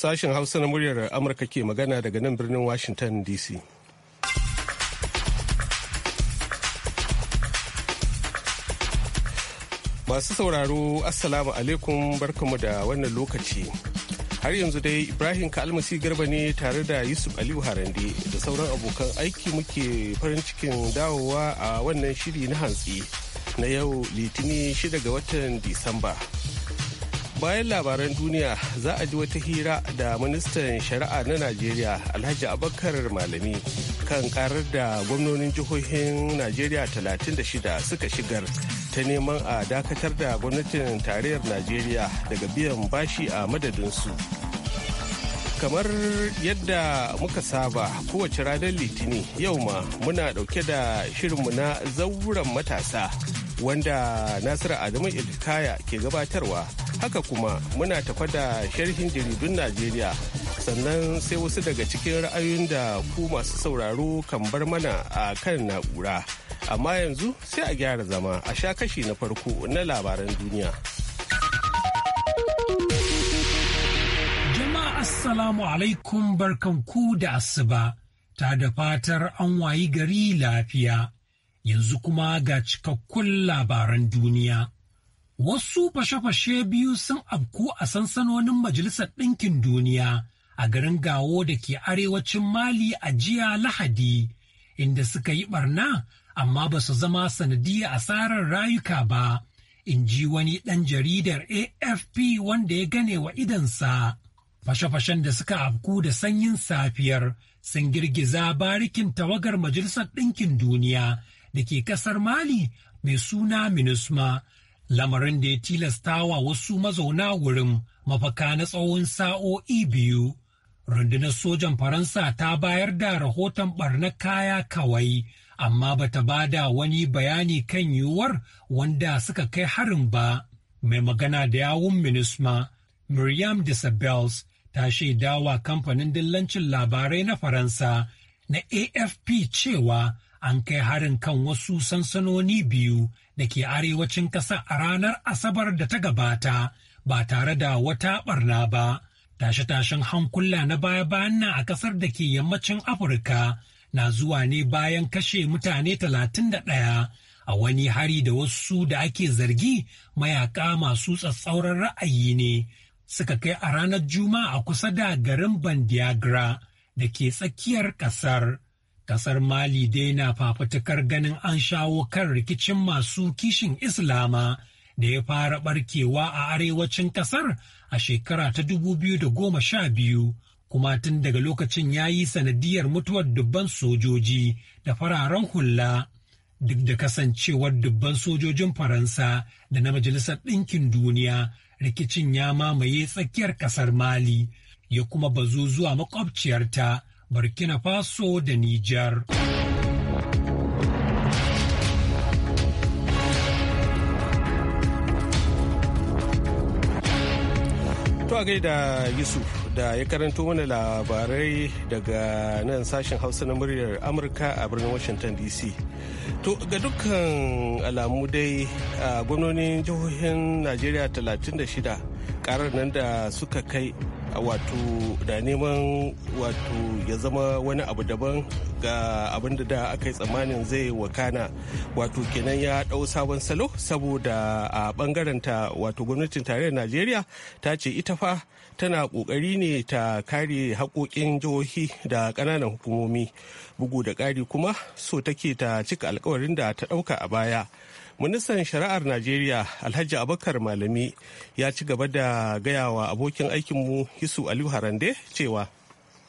Sashen Hausa na muryar Amurka ke magana daga nan birnin Washington DC. Masu sauraro, Assalamu alaikum barkamu da wannan lokaci. har yanzu dai ibrahim kalmasi garba ne tare da yusuf aliyu harande da sauran abokan aiki muke farin cikin dawowa a wannan shiri na hantsi na yau litini 6 ga watan disamba bayan labaran duniya za a ji wata hira da ministan shari'a na najeriya alhaji abakar malami kan karar da gwamnonin jihohin najeriya 36 suka shigar ta neman a dakatar da gwamnatin tarayyar najeriya daga biyan bashi a madadinsu kamar yadda muka saba kowace ranar litini yau ma muna dauke da shirinmu na zauren matasa wanda nasiru adamu ilkaya ke gabatarwa haka kuma muna tafa da sharhin jaridun najeriya sannan sai wasu daga cikin ra'ayoyin da ku masu sauraro kan bar mana a kan na'ura amma yanzu sai a gyara zama a sha kashi na farko na labaran duniya jama'a assalamu alaikum barkanku da asuba ta da fatar an wayi gari lafiya yanzu kuma ga cikakkun labaran duniya Wasu fashe-fashe biyu sun afku a sansanonin Majalisar Ɗinkin Duniya a garin Gawo da ke arewacin Mali a jiya Lahadi, inda suka yi barna amma ba su zama sanadiyar asarar rayuka ba, in ji wani ɗan jaridar AFP wanda ya gane wa idansa. Fashe-fashen da suka afku da sanyin safiyar sun girgiza barikin tawagar Majalisar Ɗinkin Duniya da ke ƙasar Mali mai suna Minisma. lamarin da ya tilasta wa wasu mazauna wurin mafaka na tsawon sa'o'i biyu. Rundunar sojan Faransa ta bayar da rahoton ɓarnar kaya kawai, amma ba ta ba da wani bayani kan yiwuwar wanda suka kai harin ba. Mai magana da yawun Minisma, Miriam Disabels, ta shaidawa kamfanin dillancin labarai na Faransa na AFP cewa an kai harin kan wasu sansanoni biyu da ke arewacin ƙasa a ranar Asabar da ta gabata ba tare da wata ɓarna ba. Tashe-tashen hankula na baya-bayan nan a ƙasar da ke yammacin Afirka na zuwa ne bayan kashe mutane talatin da ɗaya a wani hari da wasu da ake zargi mayaka masu tsatsauran ra'ayi ne suka kai a ranar Juma'a kusa da garin Bandiagra da ke tsakiyar ƙasar. Kasar Mali dai na fafutukar ganin an shawo kan rikicin masu kishin Islama da ya fara barkewa a arewacin kasar a shekara ta 2012 kuma tun daga lokacin ya yi sanadiyar mutuwar dubban sojoji da fararen hula duk da kasancewar dubban sojojin Faransa da na Majalisar Ɗinkin Duniya rikicin ya mamaye tsakiyar kasar Mali ya kuma bazu zuwa makwabciyarta. burkina faso da nijar to a gaida yusuf da ya karanto mana labarai daga nan sashen hausa na muryar amurka a birnin washington dc to ga dukkan alamu dai a gwamnonin jihohin najeriya 36 karar nan da suka kai wato da neman wato ya zama wani abu daban ga abin da aka yi tsammanin zai wakana wato kenan ya dau sabon salo saboda a bangaren ta wato gwamnatin tarayyar najeriya ta ce ita fa tana ƙoƙari ne ta kare haƙoƙin jihohi da ƙananan hukumomi bugu da ƙari kuma so take ta cika alkawarin da ta ɗauka a baya ministan shari'ar najeriya alhaji abakar malami ya ci gaba da gayawa abokin aikinmu hisu aliyu harande cewa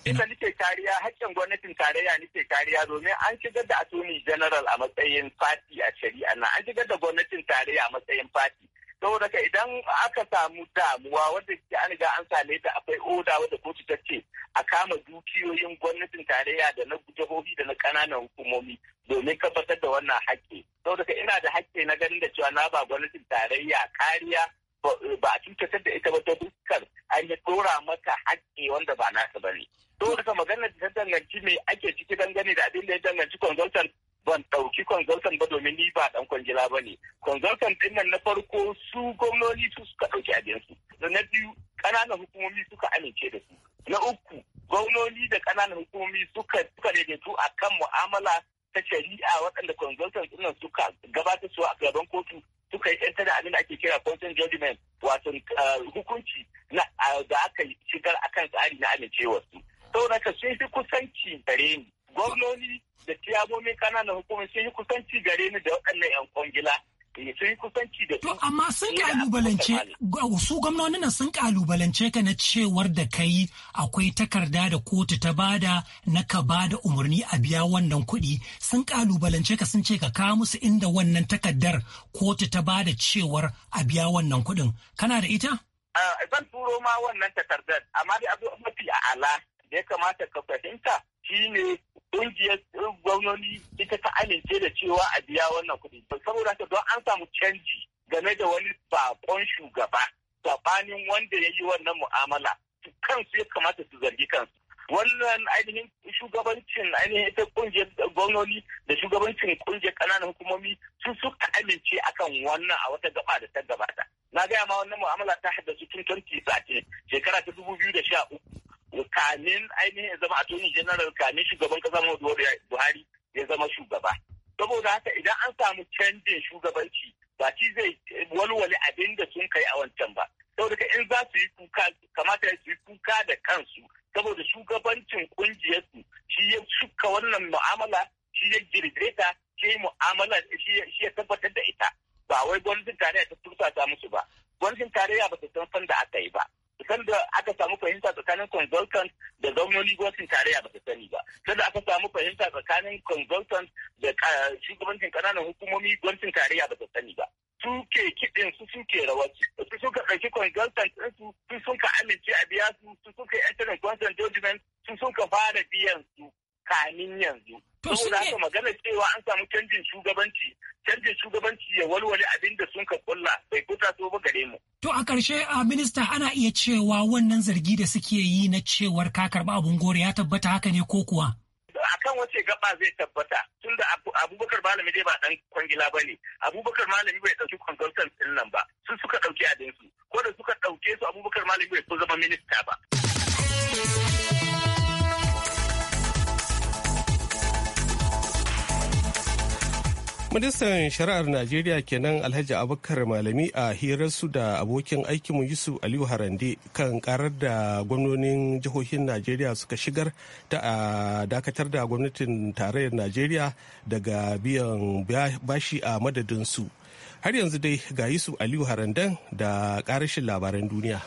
Ita nike kariya hakkin gwamnatin tarayya nike kariya domin an shigar da attorney general a matsayin fati a shari'a na an shigar da gwamnatin tarayya a matsayin fati saboda ka idan aka samu damuwa wanda ke an ga an same ta akwai oda wadda kotu ta ce a kama dukiyoyin gwamnatin tarayya da na jihohi da na kananan hukumomi domin tabbatar da wannan hakki saboda ka ina da hakki na ganin da cewa na ba gwamnatin tarayya kariya ba a cutar da ita ba ta dukkan an yi dora maka hakki wanda ba nasa ba ne. Saboda ka magana da ta danganci me ake ciki dangane da abin da ya danganci consultant ban ɗauki consultant ba domin ni ba ɗan kwangila ba ne. Consultant ɗin nan na farko su gwamnoni su suka ɗauki abinsu. Da na biyu ƙananan hukumomi suka amince da su. Na uku gwamnoni da ƙananan hukumomi suka suka daidaitu a kan mu'amala ta shari'a waɗanda consultant ɗin nan suka gabata su a gaban kotu suka yi ɗan da abin da ake kira consent judgment wato eh, hukunci da aka shigar akan tsari na amincewarsu. Saboda ka sun fi kusanci gare ni. gwamnoni da tiyabomin kananan hukumar sun yi kusanci gare ni da waɗannan 'yan kwangila eh, sun yi kusanci da To amma sun kalubalance su na sun kalubalance ka na cewar da kai akwai takarda da kotu ta bada na ka bada umarni a biya wannan kuɗi sun kalubalance ka sun ce ka kawo musu inda wannan takardar kotu ta bada cewar a biya wannan kuɗin kana da ita? Zan turo ma wannan takardar amma da abu mafi a'ala da ya kamata ka fahimta shine ƙungiyar gwamnoni ita ta amince da cewa a biya wannan kuɗi saboda haka don an samu canji game da wani bakon shugaba sabanin wanda ya yi wannan mu'amala kansu ya kamata su zargi kansu wannan ainihin shugabancin ainihin ita kungiyar gwamnoni da shugabancin kungiyar ƙananan hukumomi sun suka amince akan wannan a wata gaba da ta gabata na gaya ma wannan mu'amala ta haddasa tun 2013 shekara ta 2013 kamin ainihin zama attorney general kamin shugaban kasa Muhammadu Buhari ya zama shugaba. Saboda haka idan an samu canjin shugabanci ba shi zai walwale abin da sun kai a wancan ba. Saboda ka in za su yi kuka kamata su yi kuka da kansu saboda shugabancin ƙungiyarsu shi ya shuka wannan mu'amala shi ya girbe ta shi mu'amala shi ya iya cewa wannan zargi da suke yi na cewar ka karɓi abun gore ya tabbata haka ne ko kuwa? akan wace gaba zai tabbata tun da abubakar malami dai ba dan kwangila ba ne abubakar malami bai ɗauki consultant ɗin nan ba sun suka ɗauki adinsu ko da suka ɗauke su abubakar malami bai so zama minista ba. Ministan Shari'ar Najeriya kenan Alhaji Abubakar Malami a hirarsu da abokin aikinmu Yusuf Aliyu Harande kan karar da gwamnonin jihohin Najeriya suka shigar ta dakatar da gwamnatin tarayyar Najeriya daga biyan bashi a madadinsu. Har yanzu dai ga Yusuf Aliyu Harandan da karashin labaran duniya.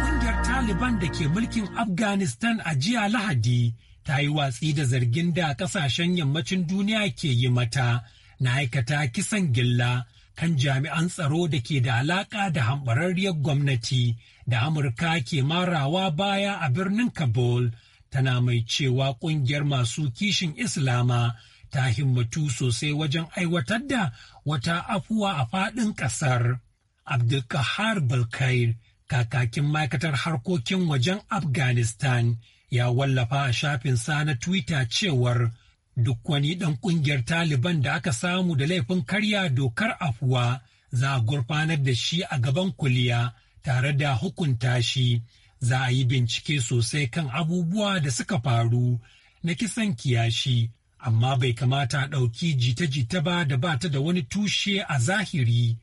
Ƙungiyar Taliban da ke mulkin Afghanistan a jiya Lahadi ta yi watsi da zargin da kasashen yammacin duniya ke yi mata na aikata kisan gilla kan jami'an tsaro da ke da alaka da hambararriyar gwamnati da amurka ke marawa baya a birnin kabul tana mai cewa kungiyar masu kishin islama ta himmatu sosai wajen aiwatar da wata afuwa a faɗin ƙasar abdulkahar balkair kakakin ma'aikatar harkokin wajen afghanistan ya wallafa a shafin na Twitter cewar duk wani ɗan ƙungiyar Taliban da aka samu da laifin karya dokar afuwa za a gurfanar da shi a gaban kuliya tare da hukunta shi. Za a yi bincike sosai kan abubuwa da suka faru na kisan kiyashi, amma bai kamata a ɗauki jita-jita ba da ba ta da wani tushe a zahiri.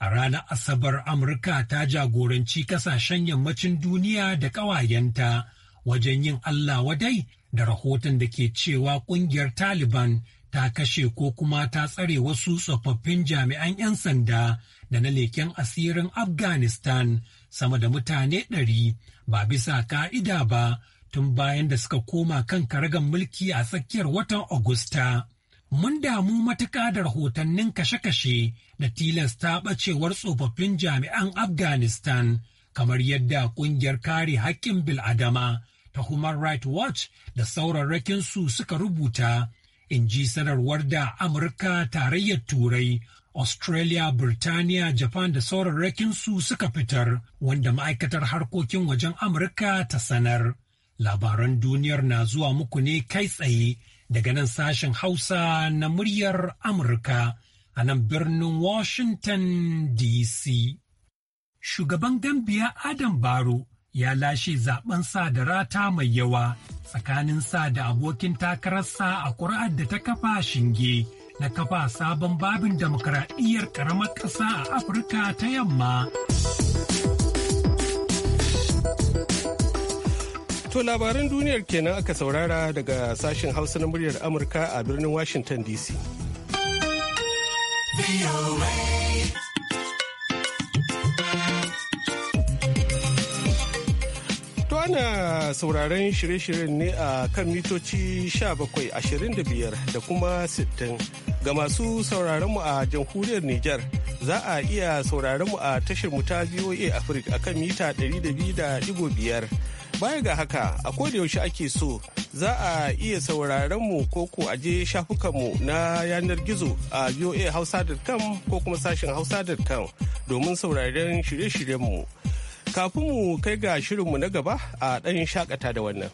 A ranar Asabar Amurka ta jagoranci ƙasashen yammacin duniya da ƙawayenta. wajen yin Allah wadai da rahoton da ke cewa kungiyar Taliban ta kashe ko kuma ta tsare wasu tsofaffin jami'an 'yan sanda da na leken asirin Afghanistan sama da mutane ɗari ba bisa ka'ida ba tun bayan da suka koma kan karagan mulki a tsakiyar watan Agusta. Mun damu matuƙa da rahotannin kashe-kashe da tilasta ɓacewar tsofaffin jami'an Afghanistan kamar yadda ƙungiyar kare haƙƙin bil'adama ta Human Rights Watch da su suka rubuta, in ji sanarwar da Amurka tarayyar Turai, Australia, Birtaniya, Japan da saurarrakinsu suka fitar, wanda ma'aikatar harkokin wajen Amurka ta sanar. Labaran duniyar na zuwa muku ne kai tsaye daga nan sashen Hausa na muryar Amurka a nan birnin Washington DC. shugaban Gambiya Adam Baro ya lashe zaben sa da rata mai yawa tsakanin sa da abokin takararsa a ƙuri'ar da ta kafa shinge na kafa sabon babin demokradiyyar ƙaramar ƙasa a Afirka ta yamma. To labaran duniyar kenan aka saurara daga sashen Hausa na muryar Amurka a birnin Washington DC. Ana sauraren shirye-shiryen ne a kan mitoci 1725 da kuma 60 ga masu sauraron mu a jamhuriyar Nijar. Za a iya sauraron mu a tashar mu ta VOA Africa akan mita 200.5. Baya ga haka, a yaushe ake so za a iya sauraron mu ko a je shafukanmu na yanar gizo a voahausa.com ko kuma sashen hausa.com domin sauraren shirye-shiryenmu. mu. Kafin mu kai ga shirinmu na gaba a ɗan shakata da wannan.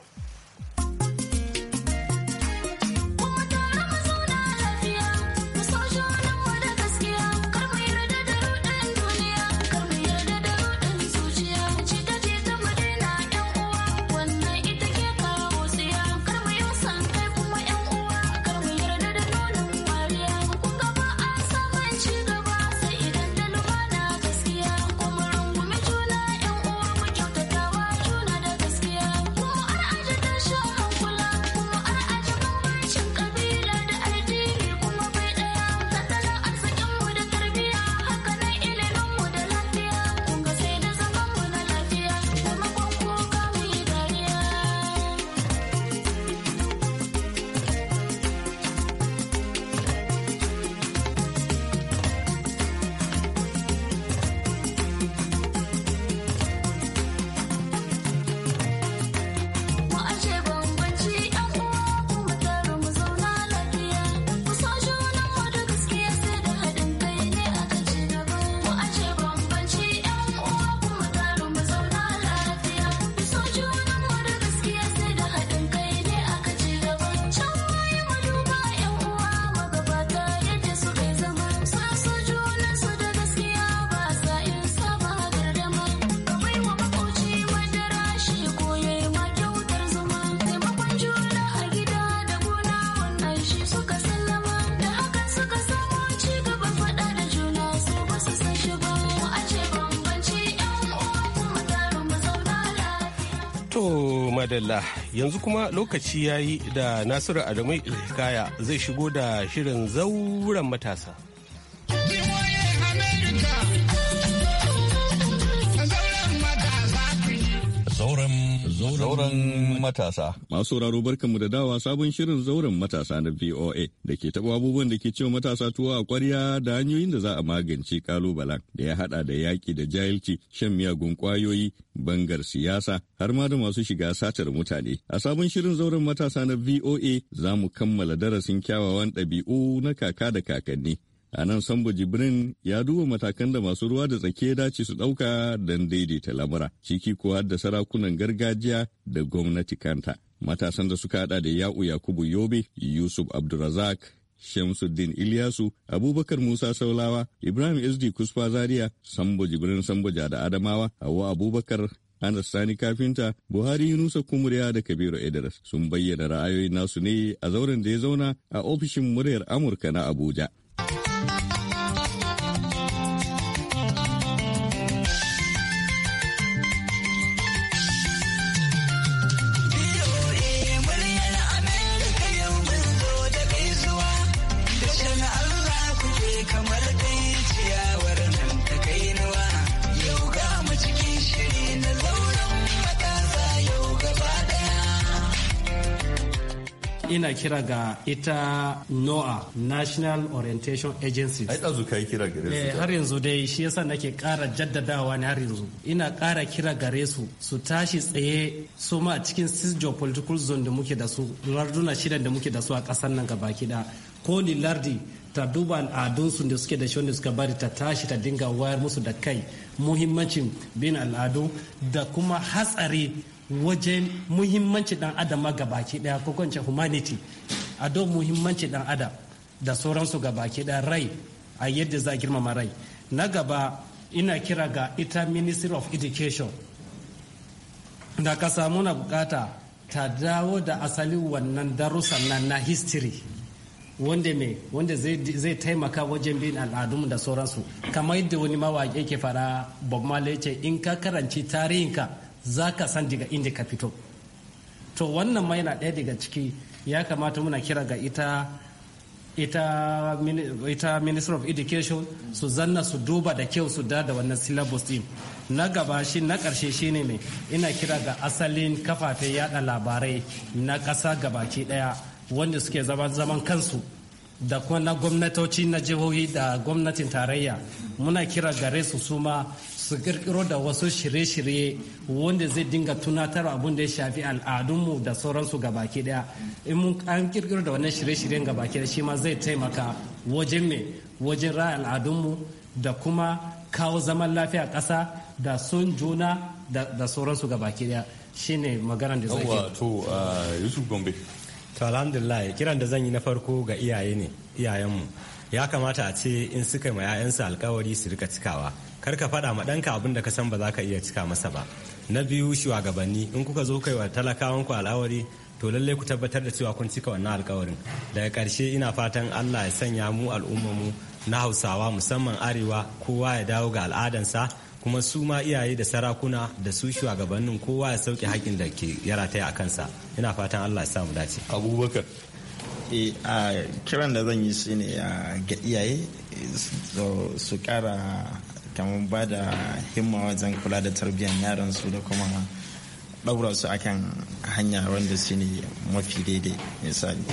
madalla yanzu kuma lokaci ya yi da nasiru adamu ilhikaya zai shigo da shirin zauren matasa Zauren matasa. Masu sauraro barkanmu da dawa sabon shirin zauren matasa na VOA da ke taɓa abubuwan da ke cewa matasa tuwa a ƙwarya da hanyoyin da za a magance kalubalen da ya haɗa da yaƙi da jahilci, shan miyagun ƙwayoyi, bangar siyasa, har ma da masu shiga satar mutane. A sabon shirin zauren matasa na VOA za mu kammala darasin kyawawan ɗabi'u na kaka da kakanni. A nan Sambo Jibrin ya duba matakan da masu ruwa da tsakiya dace su ɗauka don daidaita lamura, ciki ko da sarakunan gargajiya da gwamnati kanta. Matasan da suka hada da Ya'u Yakubu Yobe, Yusuf Abdulrazak, Shamsuddin Ilyasu, Abubakar Musa Saulawa, Ibrahim SD Kusfa Zaria, Sambo Jibrin Samboja da Adamawa, Hauwa Abubakar, Anas Sani Kafinta, Buhari Yunusa Kumuriya da Kabiru Idris sun bayyana ra'ayoyin nasu ne a zauren da ya zauna a ofishin muryar Amurka na Abuja. ina kira ga ita noa National Orientation Agency. Ai eh, Har yanzu dai shi yasa nake kara jaddadawa ne har yanzu. Ina ƙara kira gare su su tashi tsaye su ma a cikin six geopolitical zone da muke da su larduna shidan da muke da su a ƙasar nan baki da Ko ni lardi ta duba al'adunsu da suke da shi wanda suka bari ta tashi ta dinga wayar musu da kai muhimmancin bin al'adu da kuma hatsari wajen muhimmanci dan adam ga baki daya ko kwanci humanity a don muhimmanci dan adam da sauransu baki daya rai a yadda za a girmama rai na gaba ina kira ga ita ministry of education da ka samu na bukata ta dawo da asalin wannan darussan nan na history wanda mai wanda zai taimaka wajen bin al'adunmu da sauransu kamar yadda wani mawaƙi ke fara bob marley ce in ka karanci tarihinka za ka san daga inda ka fito to wannan ma yana ɗaya daga ciki ya kamata muna kira ga ita ita, minister of education su zanna su duba da kyau su da da wannan syllabus din na gaba shi na karshe shine mai ina kira ga asalin kafafen yada labarai na ƙasa gabaki daya wanda suke zaman zaman kansu da kuma na gwamnatoci na jihohi da gwamnatin tarayya muna kira gare su suma su kirkiro da wasu shirye-shirye wanda zai dinga tunatar abin da ya shafi al'adunmu da sauransu ga baki daya in mun an kirkiro da wannan shirye-shiryen ga baki daya shi ma zai taimaka wajen me wajen raya al'adunmu da kuma kawo zaman lafiya ƙasa da son juna da sauransu ga baki daya shine maganar da zai to yusuf gombe to alhamdulillah kiran da zan yi na farko ga iyaye ne iyayenmu ya kamata a ce in suka ma 'ya'yansu alkawari su rika cikawa kar ka faɗa ma ɗanka abin da ka san ba za ka iya cika masa ba na biyu shugabanni in kuka zo kai wa ku al'awari to lalle ku tabbatar da cewa kun cika wannan alƙawarin daga karshe ina fatan allah ya sanya mu mu na hausawa musamman arewa kowa ya dawo ga al'adansa kuma su ma iyaye da sarakuna da su shugabannin kowa ya sauke haƙƙin da ke yara ta a kansa ina fatan allah ya samu dace abubakar eh, a kiran da zan yi shine ga iyaye su kara kamar ba da himma wajen kula da tarbiyyar yaran su da kuma ɗaura su kan hanya wanda su ne mafi daidai misali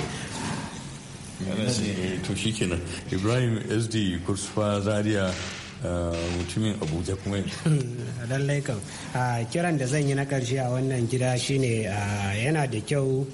to shi ibrahim sd kursuwa zaria mutumin abuja kuma lallai kam kiran da zan yi na karshe a wannan gida shine yana da kyau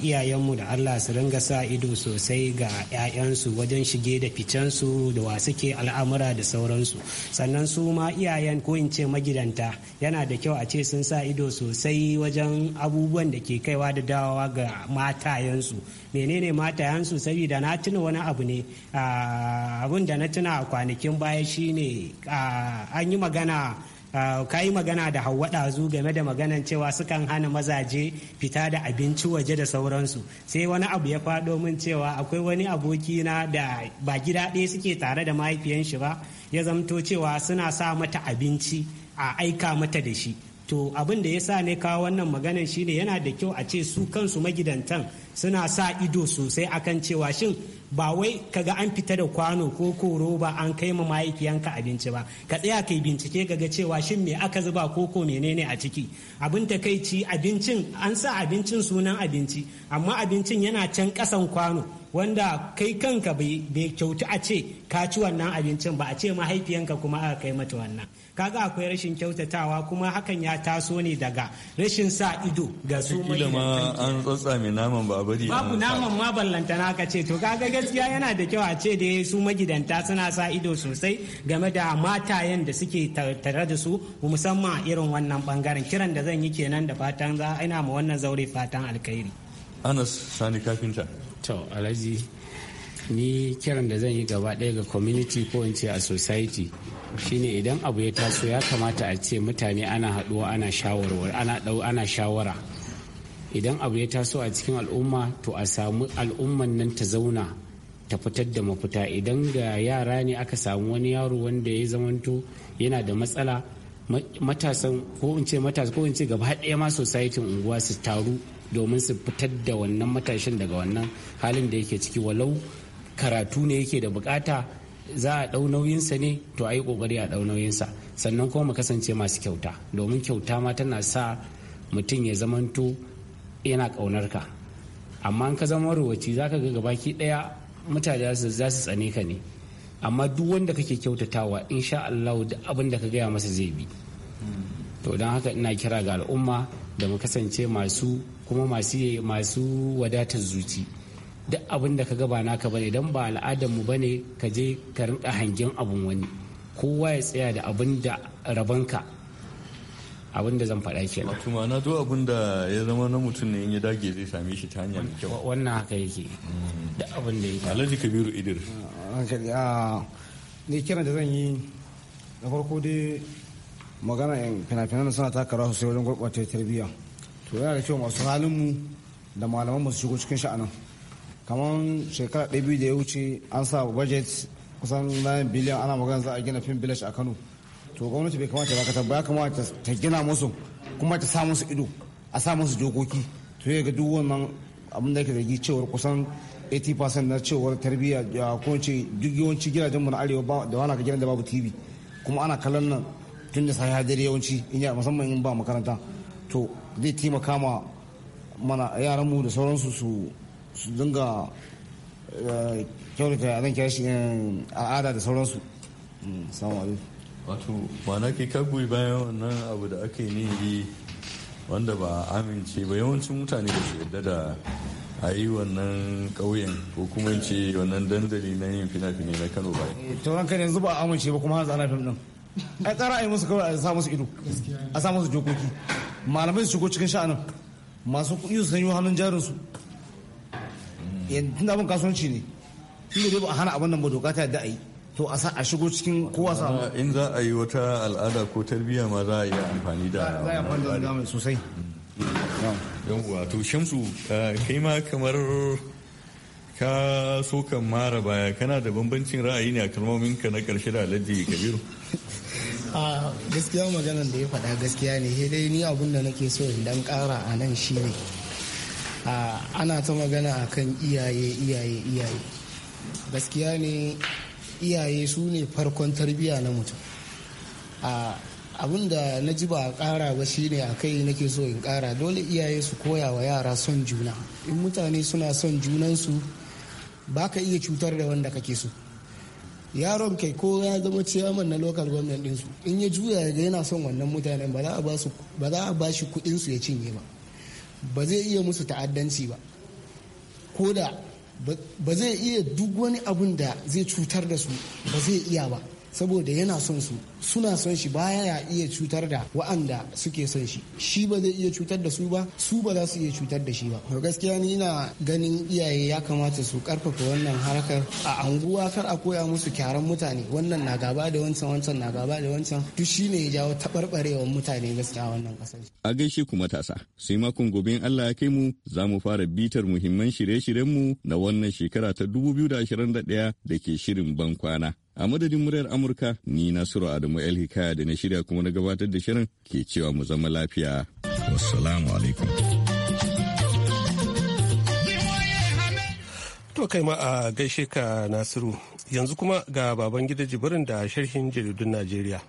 iyayenmu da allah su ringa sa ido sosai ga 'ya'yansu wajen shige da ficensu da wasu ke al'amura da sauransu sannan su ma iyayen ko in ce magidanta yana da kyau a ce sun sa ido sosai wajen abubuwan da ke kaiwa da dawowa ga matayensu menene matayansu saboda na tuna wani abu ne ah, abun da na tuna a kwanakin baya shine ah, an yi magana ah, ka yi magana da Hauwa ɗazu game da maganan cewa sukan hana mazaje fita da abinci waje da sauransu sai wani abu ya faɗo min cewa akwai wani aboki na da ba gida ɗaya suke tare da mahaifiyan shi ba ya zamto cewa suna sa mata abinci a aika mata da shi to abin da ya sa ne kawo wannan maganan shine yana da kyau a ce su kansu magidantan suna sa ido sosai akan cewa shin ba wai ka ga an fita da kwano ko koro ba an kai ma mahaifiyanka abinci ba ka tsaya kai bincike gaga cewa shin me aka zuba koko menene a ciki abin ci abincin an sa abincin sunan abinci amma abincin yana can kasan kwano wanda kai kanka bai kyautu a ce ka ci wannan abincin ba a ce mahaifiyanka kuma aka kai mata wannan kaga akwai rashin kyautatawa kuma hakan ya taso ne daga rashin sa ido ga su mai an tsatsa mai naman ba bari babu naman ma ballantana ka ce to kaga gaskiya yana da kyau a ce da su magidanta suna sa ido sosai game da matayen da suke tare da su musamman irin wannan bangaren kiran da zan yi kenan da fatan za ina ma wannan zaure fatan alkhairi anas sani kafinta to alhaji ni kiran da zan yi gaba ɗaya ga community ko in ce a society shine idan abu ya taso ya kamata a ce mutane ana haɗuwa ana shawarwar ana ɗau ana shawara idan abu ya taso a cikin al'umma to a samu al'umman nan ta zauna ta fitar da mafita idan ga yara ne aka samu wani yaro wanda ya zamanto yana da matsala matasan ko in ce matasa ko in ce gaba ɗaya ma society unguwa su taru domin su fitar da wannan matashin daga wannan halin da yake ciki walau karatu ne yake da bukata za a ɗau nauyinsa ne to a yi ƙoƙari a ɗau nauyinsa sannan kuma mu kasance masu kyauta domin kyauta ma tana sa mutum ya zamanto yana ƙaunar ka amma in ka zama ruwaci za ka ga gabaki ɗaya mutane za su tsane ka ne amma duk wanda kake kyautatawa insha Allah da abin da ka gaya masa zai bi to don haka ina kira ga al'umma da mu kasance masu kuma masu masu wadatar zuci duk abin da ka gaba naka bane idan ba al'adar mu bane ka je ka rinka hangen abun wani kowa ya tsaya da abin da rabanka abin da zan faɗa kenan wato ma'ana duk abin da ya zama na mutum ne in ya dage zai same shi ta hanyar kyau wannan haka yake da abin da yake alhaji kabiru idir ah, ah, ne kiran da zan yi na farko dai magana yan fina-finan suna taka rawa sai wajen gurɓata tarbiyya to yana da kyau masu halin mu da malaman masu shigo cikin sha'ana. kamar shekara ɗaya biyu da ya wuce an sa budget kusan 9 biliyan ana magana za a gina fim village a kano to gwamnati bai kamata ba ka ya kamata ta gina musu kuma ta sa musu ido a sa musu dokoki to ya ga duk wannan abin da yake zargi cewar kusan 80% na cewar tarbiyya ko ce duk yawanci gidajen mu na arewa da wani ka gidan da babu tv kuma ana kallon nan tun da sai hadari yawanci in ya musamman in ba makaranta to zai taimaka ma mana yaran mu da sauransu su su dinga eh, kyautata zan kyashi eh, al'ada da sauransu. Mm, assalamu alaikum. wato mana ke goyi bayan wannan abu da aka yi ne wanda ba amince ba yawancin mutane da su yadda da a yi wannan ƙauyen ko kuma ce wannan dandali na yin fina-finai na kano ba eh, ta wanka yanzu ba amince ba kuma hanzu ana fim din ai tsara a yi musu kawai a sa musu ido a sa musu jokoki malamai su shigo cikin sha'anin masu kuɗi su sanyo hannun jarin su yanzu eh, abin kasuwanci ne ne dai ba a hana abin nan ba doka ta yadda a yi to a sa a shigo cikin kowa samu in za a yi wata al'ada ko tarbiyya ma za a yi amfani da za a amfani da sosai uwa to shamsu eh, kai ma kamar ka so kan mara baya kana da bambancin ra'ayi ne a kalmomin ka na karshe da alhaji kabiru a gaskiya maganan da ya faɗa gaskiya ne sai dai ni abun da nake so in dan ƙara a nan ne ana ta magana akan iyaye iyaye iyaye gaskiya ne iyaye su ne farkon tarbiya na mutum abin da na ji ba a kara ba shine a kai nake so in kara dole iyaye su koya wa yara son juna in mutane suna son junansu ba ka iya cutar da wanda kake so yaron kai ko ya zama ciyaman na local government ɗinsu in ya juya ga yana son wannan mutanen ba za a ba shi kuɗinsu ya cinye ba ba zai iya musu ta'addanci ba ko da ba zai iya duk wani abun da zai cutar da su ba zai iya ba saboda yana son su suna son shi baya ya iya cutar da wa'anda suke son shi shi ba zai iya cutar da su ba su ba za su iya cutar da shi ba to gaskiya ni ina ganin iyaye ya kamata su karfafa wannan harkar a anguwa kar a koya musu kyaran mutane wannan na gaba da wancan wancan na gaba da wancan duk shine ya jawo taɓarɓarewar mutane gaskiya wannan kasar a gaishe ku matasa sai makon gobe in Allah ya kai mu za mu fara bitar muhimman shirye shiryen mu na wannan shekara ta 2021 da ke shirin ban kwana A madadin muryar Amurka, ni Nasiru Adamu El Hikaya da na shirya kuma na gabatar da shirin ke cewa mu zama lafiya. Wassalamu alaikum. To kai ma a gaishe ka Nasiru, yanzu kuma ga baban gida jibirin da sharhin jaridun Najeriya.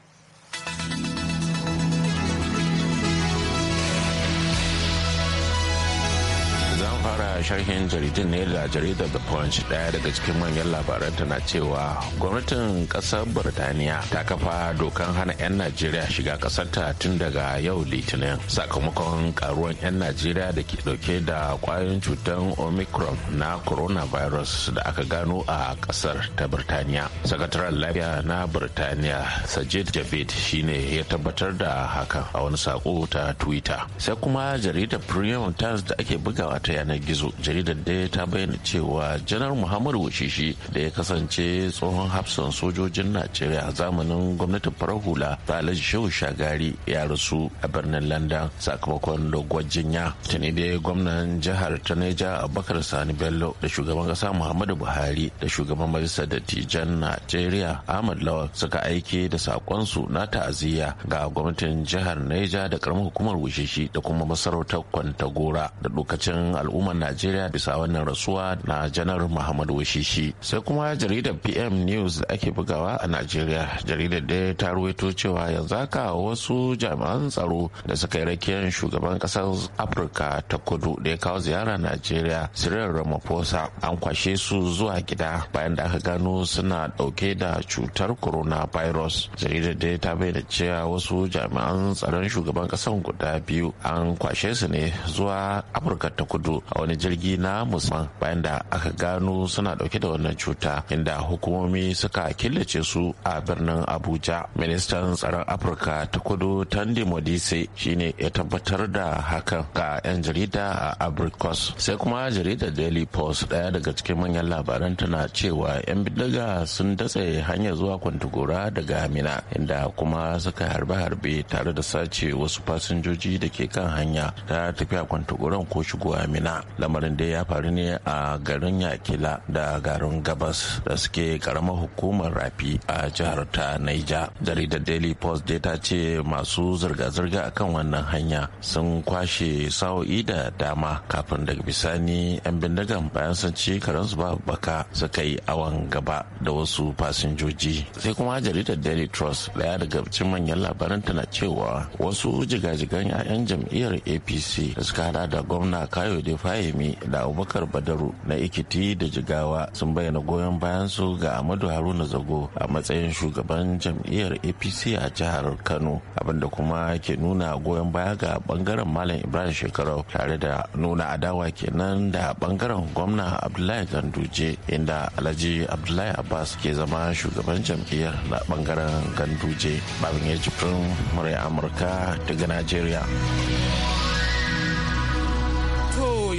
sharhin jaridun ne da jaridar the punch daya daga cikin manyan labaran tana cewa gwamnatin kasar birtaniya ta kafa dokan hana 'yan najeriya shiga kasarta tun daga yau litinin sakamakon karuwan 'yan najeriya da ke dauke da kwayoyin cutar omicron na coronavirus da aka gano a kasar ta birtaniya sakataren lafiya na birtaniya sajid javid shine ya tabbatar da hakan a wani sako ta twitter sai kuma jaridar premium times da ake bugawa ta yanar gizo jaridar da ta bayyana cewa janar muhammadu washishi da ya kasance tsohon hafsan sojojin najeriya a zamanin gwamnatin farar hula ta alhaji shehu shagari ya rasu a birnin london sakamakon doguwar jinya tuni dai gwamnan jihar ta neja abubakar sani bello da shugaban kasa muhammadu buhari da shugaban majalisar dattijan najeriya ahmad lawal suka aiki da sakonsu na ta'aziyya ga gwamnatin jihar neja da karamar hukumar wushishi da kuma masarautar kwantagora da lokacin al'ummar najeriya najeriya bisa wannan rasuwa na janar muhammadu washishi sai kuma jaridar pm news da ake bugawa a najeriya jaridar da ta ruwaito cewa yanzu haka wasu jami'an tsaro da suka yi rakiyar shugaban kasar afirka ta kudu da ya kawo ziyara najeriya cyril ramaphosa an kwashe su zuwa gida bayan da aka gano suna dauke da cutar corona virus jaridar da ta bayyana cewa wasu jami'an tsaron shugaban kasar guda biyu an kwashe su ne zuwa afirka ta kudu a wani jirgi na musamman bayan da aka gano suna dauke da wannan cuta inda hukumomi suka killace su a birnin abuja ministan tsaron afirka ta kudu tandi modise shine ya tabbatar da hakan ga 'yan jarida a abricos sai kuma jaridar daily post daya daga cikin manyan labaran tana cewa 'yan bindiga sun datse hanyar zuwa kwantagora daga mina inda kuma suka harbe-harbe tare da sace wasu fasinjoji da ke kan hanya ta tafiya kwantagoran ko shigowa mina lamarin da ya faru ne a garin yakila da garin gabas da suke karamar hukumar rafi a jihar ta naija jaridar daily post dai ta ce masu zirga-zirga akan wannan hanya sun kwashe sa'o'i da dama kafin daga bisani 'yan bindigan bayan sun ci karansu ba baka suka yi awon gaba da wasu fasinjoji sai kuma jaridar daily trust daya daga cikin manyan labaran tana cewa wasu jigajigan 'ya'yan jam'iyyar apc da suka hada da gwamna kayode fahimi da Abubakar Badaru na Ikiti da Jigawa sun bayyana goyon bayansu ga Ahmadu Haruna Zago a matsayin shugaban jam'iyyar APC a jihar Kano abinda kuma ke nuna goyon baya ga bangaren Malam Ibrahim Shekarau tare da nuna adawa kenan da bangaren gwamna Abdullahi Ganduje inda Alhaji Abdullahi Abbas ke zama shugaban jam'iyyar na bangaren Ganduje babin ya jifin murai Amurka daga Najeriya.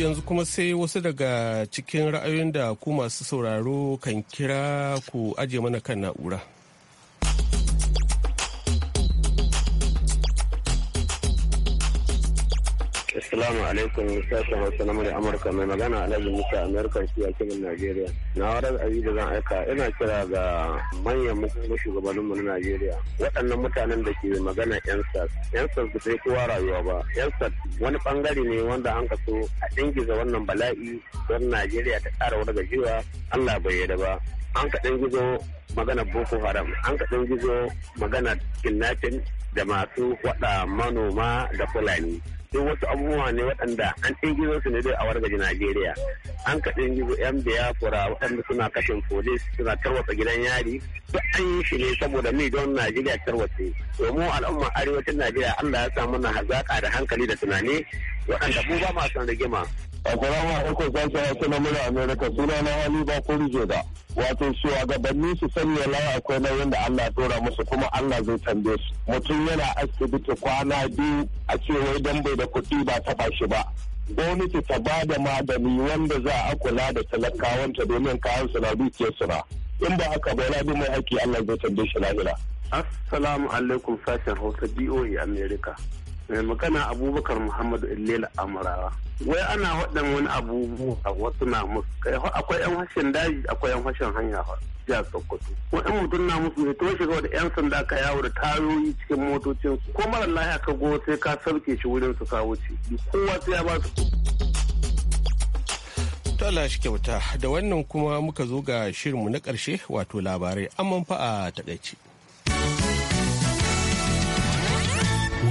yanzu kuma sai wasu daga cikin ra'ayoyin da ku masu sauraro kan kira ku ajiye mana kan na'ura. Assalamu alaikum sashen Hausa na murya Amurka mai magana Alhaji Musa American shi a cikin Najeriya. Na warar da zan aika ina kira ga manyan shugabannin mu na Najeriya. Waɗannan mutanen da ke magana yan sas. Yan sas ba sai kowa rayuwa ba. Yan sas wani bangare ne wanda an kaso a dingiza wannan bala'i don Najeriya ta ƙara wani gajiya Allah bai yarda ba. An ka dingizo magana Boko Haram, an ka dingizo magana kidnapping da masu waɗa manoma da Fulani. duk wasu abubuwa ne waɗanda an ɗingizo su ne dai a wargaje Najeriya. An ka ɗingizo 'yan biyafura waɗanda suna kashin folis suna tarwatsa gidan yari. Duk an yi shi ne saboda mai don Najeriya tarwatse. Domin al'umma arewacin Najeriya Allah ya samu na hazaƙa da hankali da tunani waɗanda mu ba ma son rigima. Assalamu alaikum sashen Hausa na Amerika suna na hali ba ko rije da wato shugabanni su sani lawa akwai na yadda Allah dora musu kuma Allah zai tambaye su mutum yana asibiti kwana biyu a cewa dan bai da kuɗi ba ta bashi ba gwamnati ta ba da magani wanda za a kula da talakawanta domin kayan su na dukiyar su na in ba haka ba yana mai aiki Allah zai tambaye shi lahira. Assalamu alaikum sashen Hausa doa Amerika. mai magana abubakar muhammadu illela amurawa wai ana waɗan wani abubuwa wasu na musu akwai yan hashin daji akwai yan hashin hanya jihar sokoto wani mutum na musu ne toshe ga wani yan sanda ka yawo da tayoyi cikin motocin su ko mara lahiya ka go sai ka sauke shi wurin su kawo ci kowa sai ya ba su Allah shi kyauta da wannan kuma muka zo ga shirinmu na karshe wato labarai amman fa a takaici.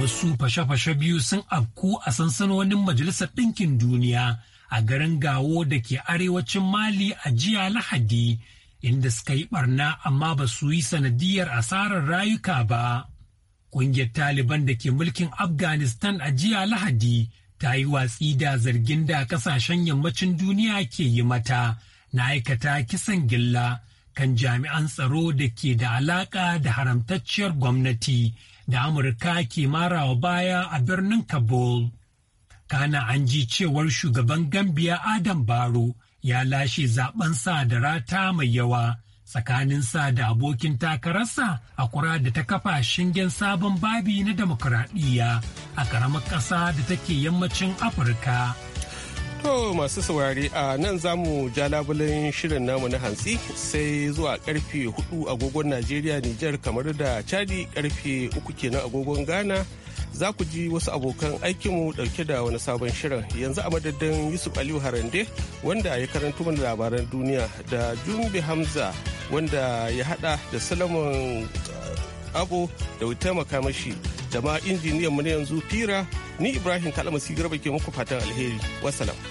wasu fashe-fashe biyu sun afku a sansanonin Majalisar Ɗinkin Duniya a garin Gawo da ke arewacin Mali a jiya Lahadi, inda suka yi barna amma ba su yi sanadiyar asarar rayuka ba. Ƙungiyar Taliban da ke mulkin Afghanistan a jiya Lahadi ta yi watsi da zargin da kasashen yammacin duniya ke yi mata na aikata kisan gilla kan jami'an tsaro da ke da alaƙa da haramtacciyar gwamnati. da Amurka ke marawa baya a birnin Kabul. Kana an ji cewar shugaban Gambiya Adam Baro ya lashe zaben sa da rata mai yawa tsakanin sa da abokin takararsa a kura da ta kafa shingen sabon babi na demokuraɗiyya a ƙaramar ƙasa da take yammacin Afirka. To masu saurari a nan za mu ja labulen shirin namu na hantsi sai zuwa karfe 4 agogon Najeriya Nijar kamar da Chadi karfe uku kenan agogon Ghana za ku ji wasu abokan aikinmu dauke da wani sabon shirin yanzu a madadin Yusuf Aliyu Harande wanda ya karanto mana labaran duniya da Jumbi Hamza wanda ya hada da Solomon eh, Abo da wuta makamashi da ma injiniyan mu na yanzu Fira ni Ibrahim Kalamasi Garba ke muku fatan alheri. Wassalam.